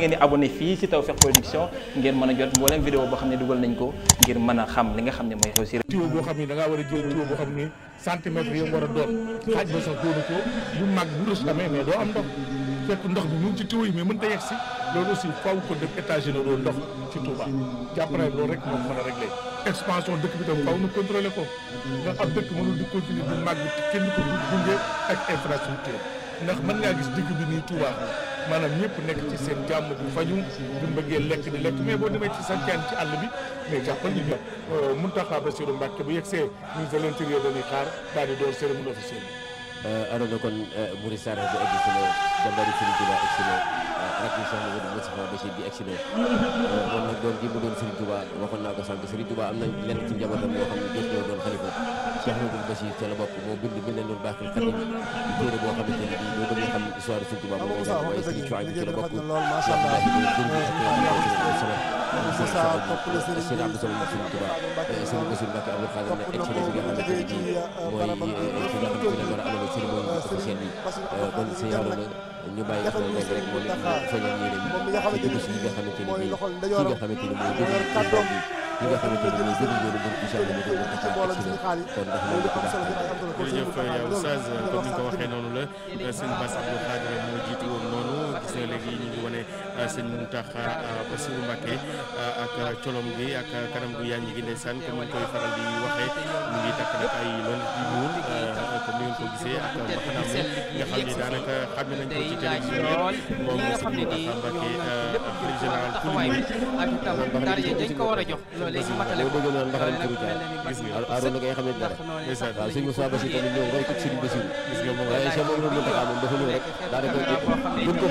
ngeen di abonné fii ci Tawfekh Production ngeen mën a jot mboolem vidéo boo xam ne dugal nañ ko ngir mën a xam li nga xam ne mooy xew ci réew tuyau boo xam ne da ngaa war a jël tuyau boo xam a doon xaaj ba sax doonu ko bu mag bu rus amee mais doo am ndox fekk ndox bi mu mën moom mën a réglé expansion dëkk bi tam faw nu contrôlé ko nga ab bu mag bi kenn ko gunge ak infrastructure ndax mën ngaa gis dëkk bi nii Touba maanaam ñëpp nekk ci seen jàmm bu faju di mbëggee lekk di lekk mais boo demee ci santaan ci àll bi mais jàppal ñu euh, Mountakha Bassirou Mbacké bu yegsee ministre de l'intérieur dañuy xaar daal di door cérémonie officielle aɗona kon mouri sara mbo addi sino jambari sini touba excellé rakki sohna woni moustapha bachir di excellé mon nag doon jimbo doon sëriñ touba waxoon naa ko sànq sëriñ touba am na lenn ci njabootam yoo xam ne jot ñoo doon xalifa cheikh madoul bachir ca la bokk moo bind bi ne noonu baaxil xadim di téere boo xamante ne bii doo bëgg xam histoire sëriñ touba moom waaye sëriñ touba bi topp na Serigne Abdou Samad Serigne Touba Serigne Bassirou Mbacké Abdou Khadir ne egg si nga xamante ne bii mooy fi nga xamante ne war a amee cérémonie bi ci seen bi kon sëñ Arouna ñu bàyyi xel rek rek moom it feeñal yéene bi ci dugg si nga xamante ne bii ki nga xamante ne mooy déglu kàddoom bi ki nga xamante ne mooy déglu yoonu bu incha allah ñu ko ko ci kon ndax loolu ko baax jërëjëf yow Oustaz comme ni nga ko waxee noonu la Serigne Bass Abdou Khadir moo jiitu sëñ Mountakha euh, Bassirou Mbacké euh, ak colom gi ak kanam gu yaañ gi ndeysaan comme ni koy faral di waxee mu ngi takk ay loolu di ñuul euh, comme ni ak mbaxanaam mi nga ne daanaka xam nañ ko ci télévision bi moom sëñ Mountakha Mbacké xalifa général pour murid gis nga moom waaye Cheikh Mamadou Mountakha moom dafa ñëw rek daanaka buñ ko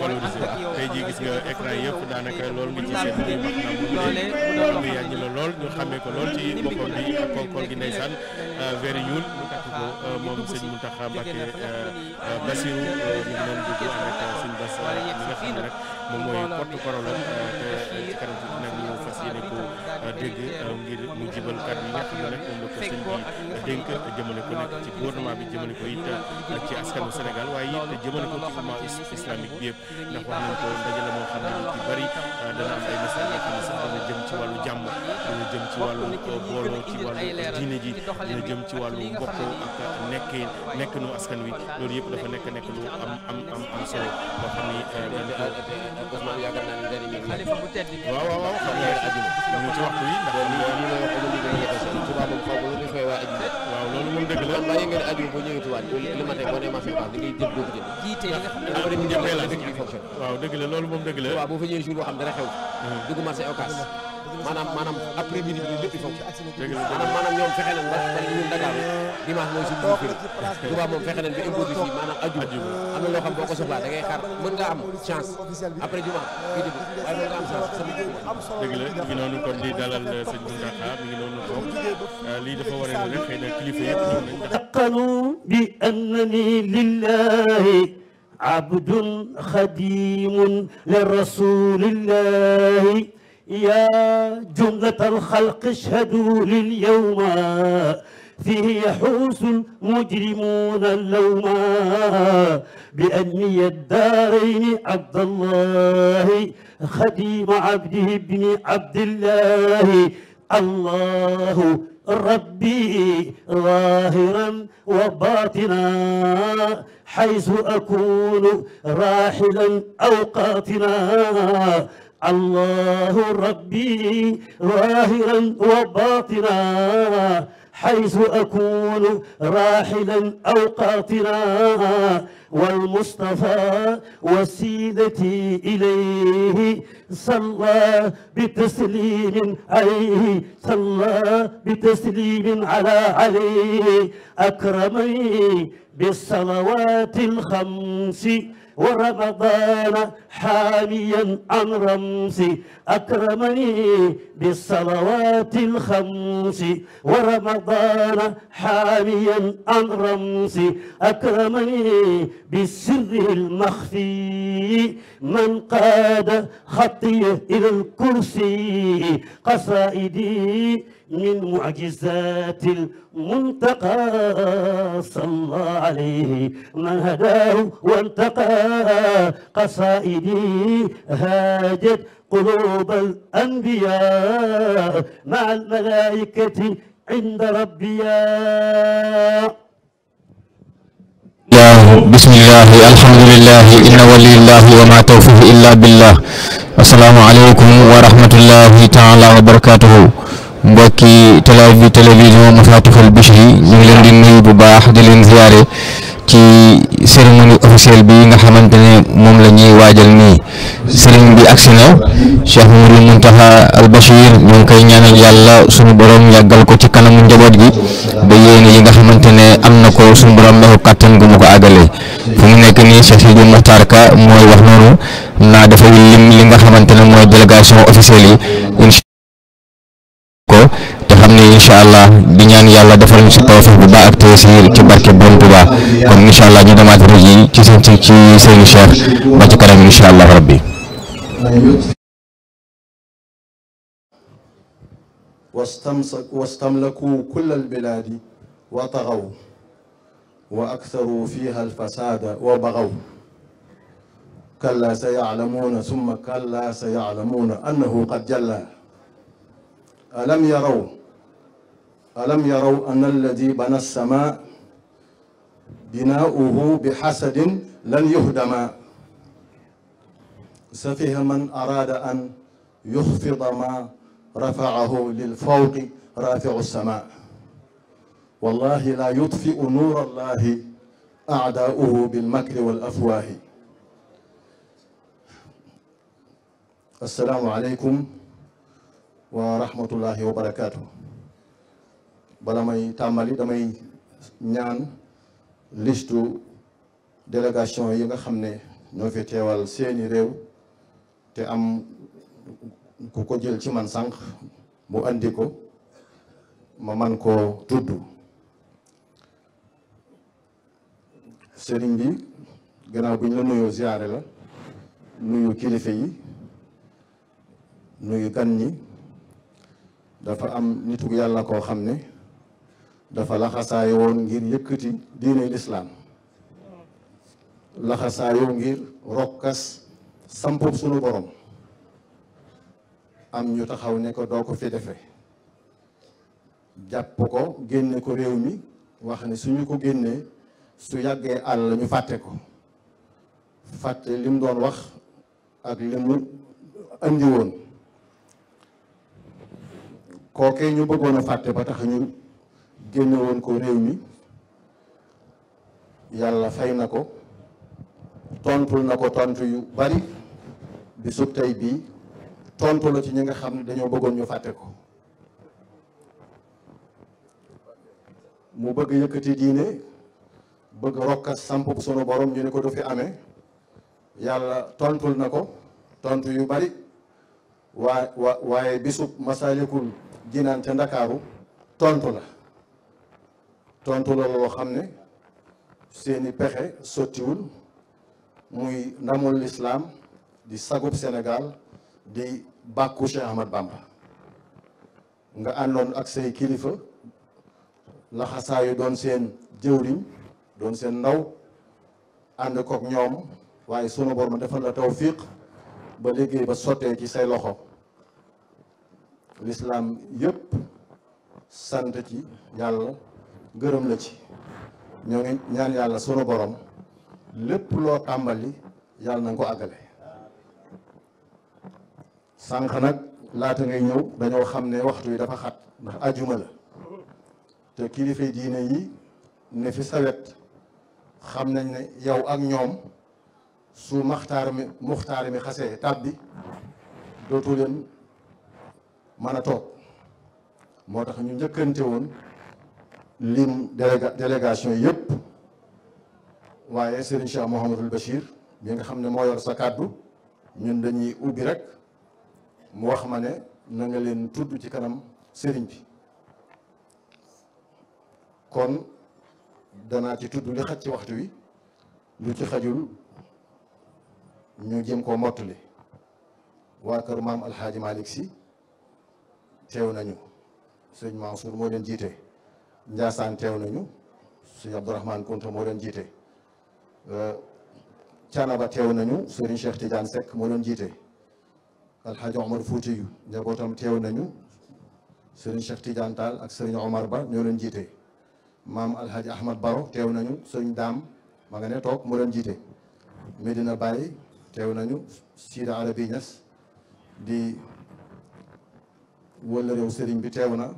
valoriser tey jii gis nga écran yëpp daanaka loolu nga ci seet bi wax na mu lool mu yàgg la lool ñu xamee ko lool ci boppam bi konkoor gi ndeysaan euh, very ñuul mu takk ko euh, moom sëñ Mountakha Mbacké euh, Bassirou ñu noonu dugg avec sëñ Bass mi nga xam mooy porte-parole ci kanam nag ñu fas dégg ngir mu jibal kàddu yi nga xam ko sëñ ko nag ci gouvernement bi jëmale ko ko ci umma islamique bi yëpp ndax wax nañ ko ndaje ci wàllu jàmm dana ci wàllu booloo ci wàllu diine ji dana jëm ci wàllu mbokkoo ak nekk nekk nu askan wi loolu yëpp dafa nekk nekk lu am am am am solo boo xam ni waaw waaw waaw xam nga ajuma ñu ci wax yi ndax kon lii mooy wax dëgg yàlla yëpp si Touba moom xaw ma lu ñu koy waa aju. waaw loolu moom dëgg la xam bàyyi ngeen aju boo ñëwee Touba li ma teg boo nee marché Ocass da ngay jël dootu jël. jiite li nga xam ne après mu jëmee la waaw dëgg la loolu moom dëgg la. waaw boo fa ñëwee jour boo xam dara xew. dugg marché Ocass maanaam maanaam après midi bi lépp foofu maanaam maanaam ñoom fexe nañ ba ñun Dakar dimanche mooy suñu firi Touba moom fexe nañ ba imposé fii maanaam aju am na loo xam boo ko soxlaa da ngay xaar mën nga am chance après juma fii di waaye mën nga am chance sama dëgg la mi ngi noonu kon di dalal sëñ Mountakha mi ngi noonu toog euh, lii dafa war a rek xëy na kilifa yëpp ñëw nañ daqanu bi annani lillahi abdun xadimun li rasulillahi يا جملة الخلق اشهدوا لليوم فيه يحوس المجرمون اللوم بأني الدارين عبد الله خديم عبده بن عبد الله الله ربي ظاهرا وباطنا حيث أكون راحلا أو قاطنا الله ربي ظاهرا وباطنا حيث أكون راحلا أو قاطنا والمصطفى وسيلتي إليه صلى بتسليم عليه صلى بتسليم على عليه أكرمني بالصلوات الخمس ورمضان حاميا عن رمسي أكرمني بالصلوات الخمس ورمضان حاميا عن رمسي أكرمني بالسر المخفي من قاد خطيه إلى الكرسي قصائدي من معجزات المنتقى صلى عليه من هداه وانتقى قصائدي هاجت قلوب الأنبياء مع الملائكة عند ربيا بسم الله الحمد لله إن ولي الله وما توفيه إلا بالله السلام عليكم ورحمة الله تعالى وبركاته mbokki télé télévision Mafatihul yi ñu ngi leen di nuyu bu baax di leen ziyaare ci cérémonie officielle bi nga xamante ne moom la ñuy waajal nii sëriñ bi agsi na Cheikh Mouhamadou Mountakha Al Bachir ñu ngi koy ñaanal yàlla suñu borom yàggal ko ci kanamu njaboot gi ba yéene yi nga xamante ne am na ko suñu borom meeku kàttan gu mu ko àggalee fu mu nekk nii Cheikh Sidi Mokhtar mooy wax noonu naa dafa lim li nga xamante ne mooy délégation officielle yi. xam ne incha allah di ñaan yàlla defal ñu si tawfeex bu baax ak teesir ci barke Borom Tuubaa kon incha allah ñu demaat rabbi wastamlaku kulla albilaadi wa taxaw wa aktaru fiha alfasaada wa baxaw kalla sayaclamuuna summa qad jalla alam yaraw alam yaraw an alladi bana sama binaauhu bi xasadin lan yuhdama safiha man araada an yuxfida ma rafaahu lilfawqi rafiu sama wallahi la yutfiu nuura allahi aadaauhu bilmakri wal afwahi assalaamu aleykum wa rahmatullahi wa barakatuh bala may tàmbali damay ñaan listu délégation yi nga xam ne ñoo fi teewal seeni réew te am ku ko jël ci man sànq mu andi ko ma man koo tudd sëriñ bi gannaaw bi ñu la nuyoo ziyaare la nuyu kilifa yi nuyu gan ñi dafa am nitu yàlla koo xam ne dafa laxasaayo woon ngir yëkkati diine lislaam laxasaayo ngir rokkas sampub sunu borom am ñu taxaw ne ko doo ko fi defe jàpp ko génne ko réew mi wax ne suñu ko génne su yàggee àll ñu fàtte ko fàtte lim doon wax ak limu andi woon kooke ñu bëggoon fàtte ba tax ñu génne woon ko réew mi yàlla fay na ko tontul na ko tontu yu bari bi sub tey bii tontu la ci ñi nga xam ne dañoo bëggoon ñu fàtte ko mu bëgg yëkkati diine bëgg rokkas samp bu sunu borom ñu ne ko du fi amee yàlla tontul na ko tontu yu bari waa wa waaye bisub masalikul jinaan ndakaaru tontu la tontu la woo xam ne seeni pexe sottiwul muy ndamul lislaam di sagub Sénégal di bàkku Cheikh Ahmad Bamba nga àndoon ak say kilifa laxasaayu doon seen jëwriñ doon seen ndaw ànd kook ñoom waaye sunu borom defal la tawfiq ba liggéey ba sottee ci say loxo lislaam yépp sant ci yàlla gërëm la ci ñoo ngi ñaan yàlla sunu boroom lépp loo tàmbali yàlla na nga ko àggale sànq nag laata ngay ñëw dañoo xam ne waxtu yi dafa xat ndax ajuma la te kilifa diine yi ne fi sawet xam nañ ne yow ak ñoom su maxtaar mi muxtaar mi xasee tàbbi dootu mën a toog moo tax ñu njëkkante woon lim déléga délégation yëpp waaye Serigne Cheikh Mouhamadul Bachir mi nga xam ne moo yor sa kàddu ñun dañuy ubbi rek mu wax ma ne na nga leen tudd ci kanam Serigne bi kon danaa ci tudd li xaj ci waxtu wi lu ci xajul ñu jëm koo mottali waa kër maam Alxaaji Malick si teew nañu sëñ Mansour moo leen jiite. Ndiassane teew nañu sëñ Abdourahmane Kounta moo doon jiite Canaba euh, teew nañu sëriñ Cheikh Tidiane Seck moo doon jiite Alhaji Omar Foutiyu njabootam teew nañu sëriñ Cheikh Tidiane Tall ak sëriñ Omar Ba ñoo doon jiite maam Alhaji Ahmad Baro teew nañu sëriñ Daam ma toog moo doon jiite Medina Baye teew nañu Sida Arabi Niass bi teew na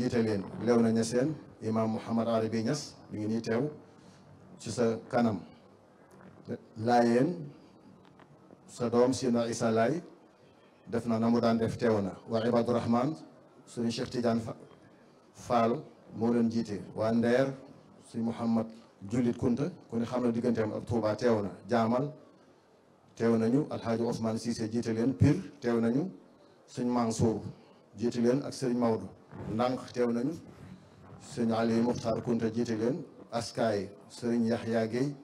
jiite leen na Niassène imam Mouhamad Arabi Niass mi ngi nii teew ci sa kanam laayeen sa doom Sina Issa Laay def na na mu daan def teew na waa Ibadu Rahman suñu Cheikh Tidiane moo leen jiite waa Ndeer suñu Mouhamad Jullit Kunta ku xam na digganteem ak Touba teew na jaamal teew nañu Alxaaji Ousmane Cissé jiite leen piir teew nañu suñ Mansour jiite leen ak Serigne Maodo ndànk teew nañu sëñ Aliou Muxtaar Kunta jiite leen askaay sëriñ Yaxya Guèye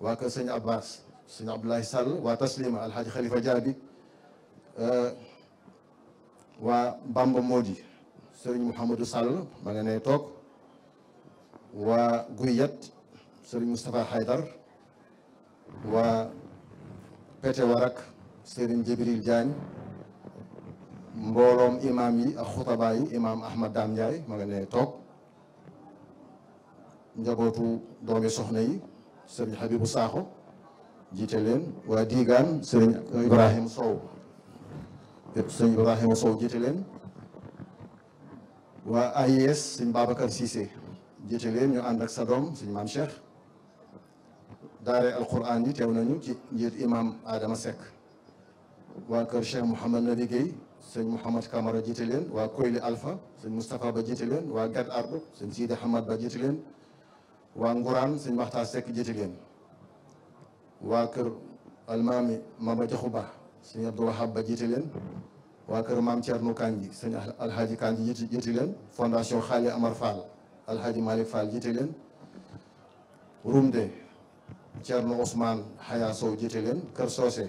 waa kër sëñ Abbas sëñ Abdoulaye Sall waa Taslima alxaaji Xalifa Jaabi waa Bamba Modi sëriñ Mouhamadou Sall ma nga ne toog waa Guyat sëriñ Moustapha Haydar waa Pete Warak sëriñ Jibril Diagne mbooloom imaam yi ak xutabaa yi imaam Ahmad Dame Ndiaye toog njabootu doomi soxna yi sëriñ Habibu Saaxo jiite leen waa Diigaan sëriñ Ibrahima Sow sëriñ Sow jiite leen waa AIS sëriñ Babacar Cissé jiite leen ñu ànd ak sa doom sëriñ Maam Cheikh daare alquran yi teew nañu ci imaam Adama Seck waa kër Cheikh Mouhamad Nabi Guèye sëñ Mouhamad Camara jiite leen waa Koyli Alpha sëñ Moustapha ba jiite leen waa Gat Ardo sëñ Sidi Hamad ba jiite leen waa Ngouraan sëñ Maxtaar Seck jiite leen waa kër Almaami Maba Jaxu Ba sëñ Abdou ba jiite leen waa kër Maam Thierno Kandji sëñ Alhaji Kandji jiite leen fondation Xaali Amar Fall Alhaji Malick Fall jiite leen Rumde Thierno Ousmane Haya Sow jiite leen kër Socé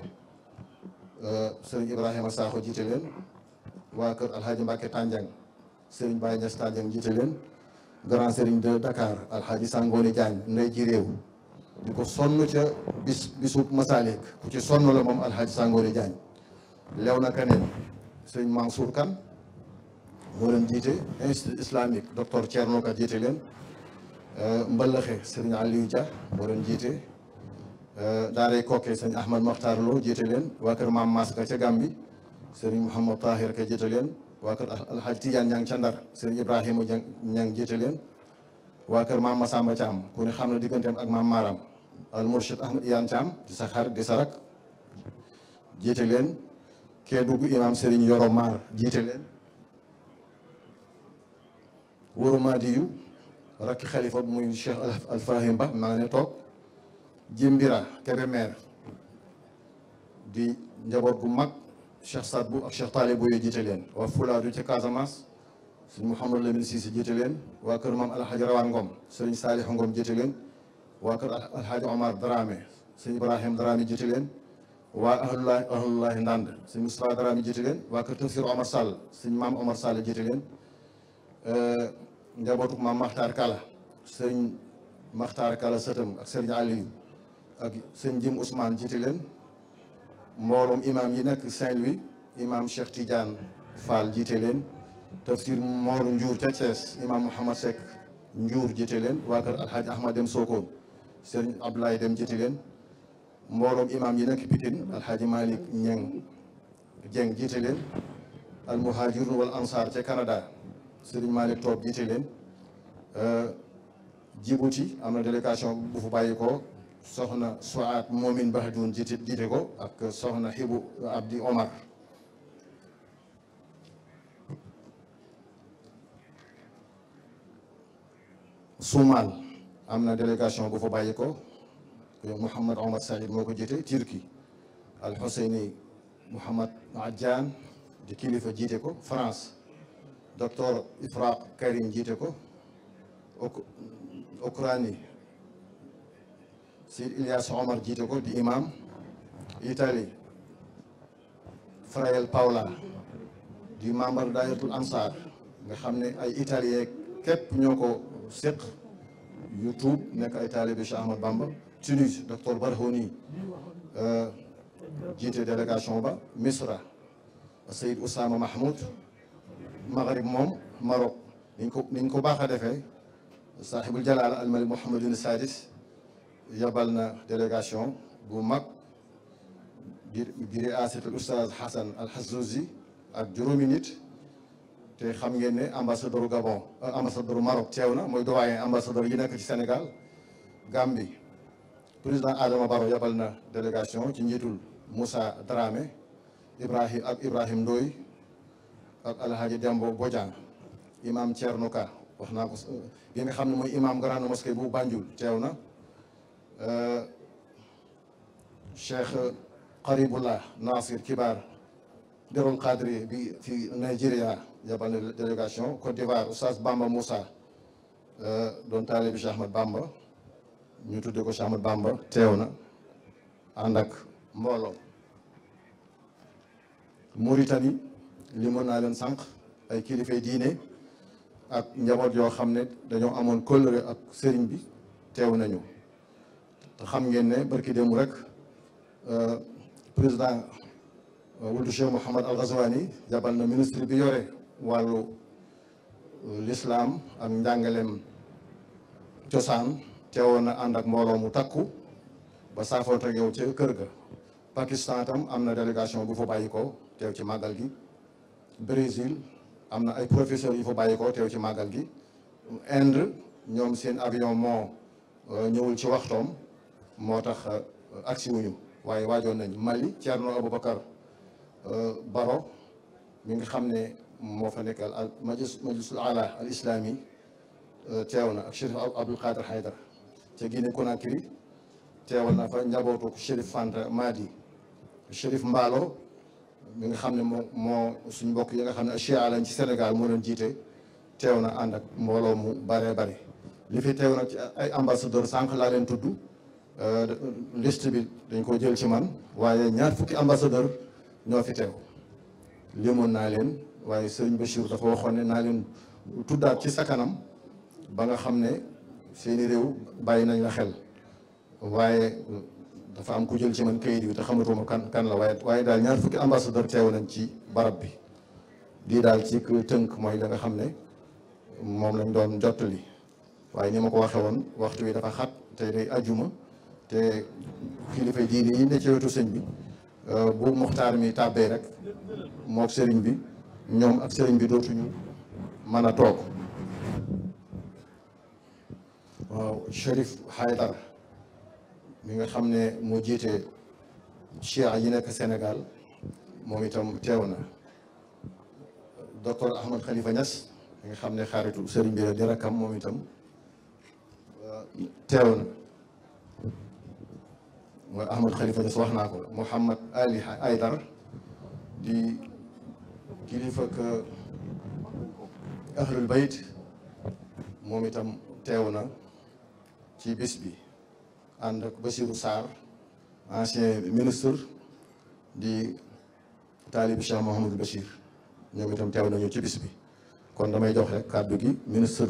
Euh, sëriñ Ibrahima Sakho jiite leen waa kër Alhaji Mbacke Tandiang sëriñ Baye Niass Tandiang jiite leen grand sëriñ de Dakar Alhaji Sangone Diagne ndey ji réew di ko sonn ca bis bisub Masalik ku ci sonn la moom Alhaji Sangone Diagne lew na kaneen sëriñ Mansour Kane moo leen jiite institut islamique docteur Thierno jiite leen euh, Mbalaxe sëriñ Aliou Dia moo jiite Euh, daaray kokke sëñ Ahmad Mokhtar Lo jiite leen waa kër maam Maska ca Gambi sëriñ Mouhamad Tahir ka jiite leen waa kër Alhaaj Tidiane ñang ca Ndar sëriñ Ibrahima ñang jiite leen waa maam Masamba Thiam ku xam na digganteem ak maam Maram al Mourchid Ahmad Iyane Thiam di sa xar di sa rak jiite leen Kédougou imam sëriñ Yoro Mar leen Wuro Madiyu rakki xalifa muy Cheikh Alfahim Ba maa Jimbira Kébémer di njaboot gu mag Cheikh Sadbu ak Cheikh Talib Boye leen waa Fulaadu ca Casamance sëñ Mouhamadou Lamine Cissé jiite leen waa kër maam Alhaji Rawaan Ngom sëñ Ngom jiite leen waa kër Alhaji Omar Dramé sëñ Ibrahim Dramé jiite leen waa ahlullahi ndand sëñ Moustapha Dramé jiite leen waa kër Tafsir Omar Sall sëñ maam Omar Sall jiite leen njabootu maam Makhtar Kala sëñ Makhtar Kala sëtam ak sëriñ Aliou ak sëñ Jim Ousmane jiite leen mbooloom imaam yi nekk saint imaam Cheikh Tidiane Fall jiite leen tafsir Mor Ndiour ca Thiès imaam Mouhamad Seck Ndiour jiite leen waa kër Alhaji Ahmad Dem Sokone sëñ Abdoulaye Dem jiite leen mbooloom imaam yi nekk Pikine Alhaji Malick Niang Dieng leen al muhajirun wal ansar ca Canada Serigne Malick Top jiite leen euh, Djibouti am na délégation bu fu soxna Suat Momin Bahadjoun jiite jiite ko ak soxna Hibu Abdi Omar Soumal am na délégation bu fa bàyyi ko Mouhamad Omar Saïd moo ko jiite Turquie Al Husseini Mouhamad Adjan di kilifa jiite ko France docteur Ifraq Karim jiite ko Ukraine Seydi Ilias Omar jiite ko di imam Italie Frayel Paola di membre Daayatul Ansar nga xam ne ay italien képp ñoo ko séq yu nekk ay taalibe Cheikh Ahmad Bamba Tunis docteur Barhouni euh, jiite délégation ba Misra Seyid Oussama Mahmoud Maghrib moom Maroc niñ ko niñ ko baax a defee sahibul jalala almalik Mouhamadun Sadis yabal na délégation bu mag di di réassital oustaz Hassan Al-Hazouzi ak juróomi nit te xam ngeen ne ambassadeur Gabon euh, ambassadeur Maroc teew na mooy doyen ambassadeur yi nekk ci Sénégal Gambie président Adama Barrow yabal na délégation ci njiitul Moussa Dramé Ibrahim ak Ibrahim Ndoye ak Alhaji Dembo Bodian imam Thierno Ka wax naa ko euh, bi nga xam ne mooy imam grande mosquée bu Banjul teew na cheikh Qaribullah Nasir Kibar Derul Qadri bi ci Nigeria jàppal délégation Côte d'Ivoire Oustaz Bamba Moussa euh, doon taalibi Cheikh Ahmad Bamba ñu tuddee ko Cheikh Ahmad Bamba teew na ànd ak mbooloo Mauritanie li mën naa leen sànq ay kilifay diine ak njaboot yoo xam ne dañoo amoon kóllëre ak sëriñ bi teew nañu xam ngeen ne barki démb rek euh, président euh, wuldu Cheikh Mouhamad Al Ghazwani yabal na ministre bi yore wàllu euh, l'islam ak njàngaleem cosaan teewoon na ànd ak mbooloo mu takku ba saafoonte ak yow ca kër ga Pakistan tam am na délégation bu fa bàyyi ko teew ci màggal gi Brésil am na ay professeurs yu fa bàyyi ko teew ci màggal gi Inde ñoom seen avion moo ñëwul ci waxtoom moo tax euh, agsi wuñu waaye waajoon nañ Mali Thierno Aboubacar euh, Baro mi ngi xam ne moo fa nekkal al majlisul ala al islami euh, teew na ak Chérif Abdoul Qadir Haydar ca Guinée Conakry teewal na fa njabootu Chérif Fanta Madi mi nga xam ne moo moo suñ mbokk yi nga xam ne chia lañ ci Sénégal moo leen jiite teew na ànd ak mbooloo mu bare li fi teew nag ci ay ambassadeur sànq laa leen tudd Euh, euh, liste bi dañ koo jël ci man waaye ñaar fukki ambassadeur ñoo fi teew limoon naa leen waaye sëñ Bachir dafa waxoon ne naa leen tuddaat ci sa kanam ba nga xam ne seeni réew bàyyi nañ la xel waaye euh, dafa am ku jël ci man kayit bi te xamatuma kan kan la waaye waaye daal ñaar fukki ambassadeur teew nañ ci barab bi lii daal ci tënk mooy da nga xam ne moom lañ doon jottali waaye ni ma ko waxee woon waxtu wi dafa xat te day ajuma te kilifa diine yi ne ci wetu sëñ bi euh, bu muxtaar mi tàbbee rek mook sëriñ bi ñoom ak sëriñ bi dootuñu mën a toog waaw Cherif mi nga xam ne moo jiite chia yi nekk senegal moom itam teew na docteur Ahmad Khalifa Niass mi nga xam ne xaaritu sëriñ bi la di rakkam moom itam euh, teew na mooy Ahmad Khalifa Niass wax naa ko Mouhamad Ali Aydar di kilifa ak ahlul bayt moom itam teew na ci bis bi ànd ak Bassirou Sarr ancien ministre di taalibu Cheikh Mouhamadou Bachir ñoom itam teew nañu ci bis bi kon damay jox rek kàddu gi ministre